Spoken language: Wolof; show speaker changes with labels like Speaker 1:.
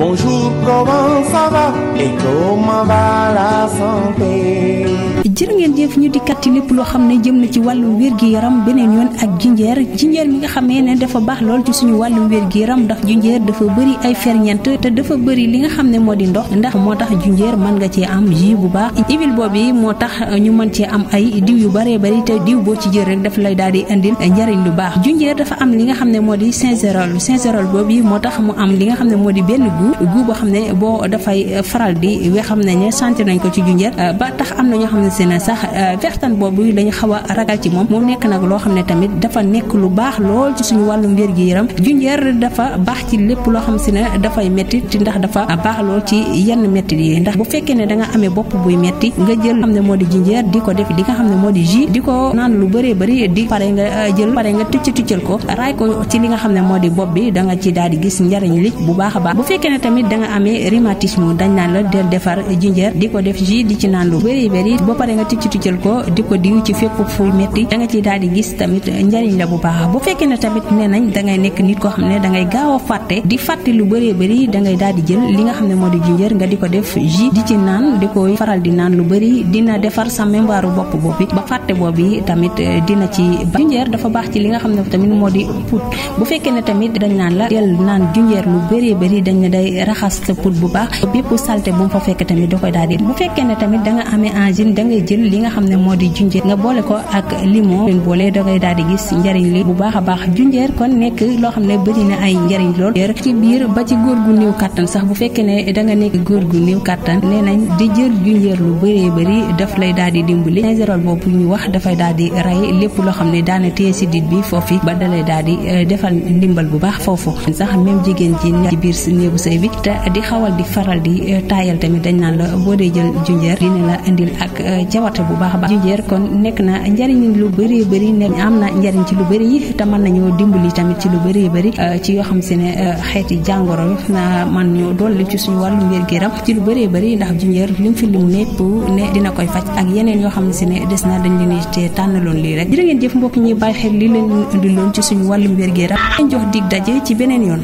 Speaker 1: Bonjour, comment ça et comment santé jërë ngeen jëf ñu dikkat yi lépp loo xam ne jëm na ci wàllum wér-gi-yaram beneen yoon ak jinjeer jinjeer mi nga xam ne dafa baax lool ci suñu wàllum wér-gi-yaram ndax junjeer dafa bëri ay ferñeent te dafa bëri li nga xam ne moo di ndox ndax moo tax junjeer mën nga cee am jus bu baax ibil boobu moo tax ñu mën cee am ay diw yu bëree bëri te boo ci jël rek daf lay daal di indil njariñ lu baax junjeer dafa am li nga xam ne moo di gingembre gingembre boobu moo tax mu am li nga xam ne moo di benn gu gu boo xam ne boo dafay faral di we xam ne ne santé nañ ko ci junjeer ba tax am na ñoo xam ne xamante ne sax pertan euh, boobu dañu xaw a ragal ci moom mu nekk nag loo xam ne tamit dafa nekk lu baax lool ci suñu wàllum wér gi yaram junjeer dafa baax ci lépp loo xam si ne dafay metti ci ndax dafa baax lool ci yenn metti yi ndax bu fekkee ne da nga amee bopp buy metti nga jël xam ne moo di junjeer di ko def di nga xam ne moo di jus di ko naan lu bëree di pare nga euh, jël pare nga tucc tuccal ko raay ko li nga xam ne moo di bopp bi da nga ci di gis njariñ li bu baax a baax bu fekkee da nga amee rhumatisme dañ naan la del defar junjeer di ko def jus di ci naan lu bëri bëri pare nga ticc ko di ko diw ci fépp fu métti da nga ciy daal di gis tamit njariñ la bu baax bu fekkee ne tamit nee dangay nekk xam ne dangay gaaw a fàtte di fàtte lu bëree bëri dangay daal di jël li nga xam ne moo di jinjër nga di ko def ji di ci naan di koy faral di naan lu bëri dina defar sa mémoire bopp boobu ba fàtte boobu tamit eh, dina ci jinjër dafa baax ci li nga xam ne tamit moo di put bu fekkee ne tamit dañ naan la del naan jinjër lu baree bëri dañ ne day raxas sa put bu baax bépp salté bu mu fa fekk tamit da koy jël li nga xam ne moo di junjeer nga boole ko ak limon leen boole da ngay di gis njariñ li bu baax a baax junjeer kon nekk loo xam ne bëri na ay njariñ lool ci biir ba ci góor gu néew kàttan sax bu fekkee ne da nga nekk góor gu néew kàttan nee nañ di jël junjeer lu bëree bëri daf lay daal di dimbali glycérol boobu ñu wax dafay daal di rey lépp loo xam ne daana téye si dit bi foofu ba dalay daal di euh, defal ndimbal bu baax foofu sax même jigéen ji ci biir néegu sëy bi te di xawal di faral di euh, taayal tamit dañ naan la boo dee jël junjeer dina la indil ak euh, jawat bu baax a baax jinjeer kon nekk na njariñ lu bëri bëri nekk am na njariñ ci lu bëri te mën nañoo dimbali tamit ci lu bëri bëri euh, ci yoo xam si ne euh, xeeti jàngoro yi na man ñu dolli ci suñu wàllu wér gi yaram ci lu bëri bëri ndax jinjeer lim fi lim népp ne dina koy faj ak yeneen yoo xam si ne des na dañ leen te tànnaloon lii rek jërë ngeen jëf mbokk ñi bàyyi xel li leen indiloon ci suñu wàllu wér gi yaram jox dig daje ci beneen yoon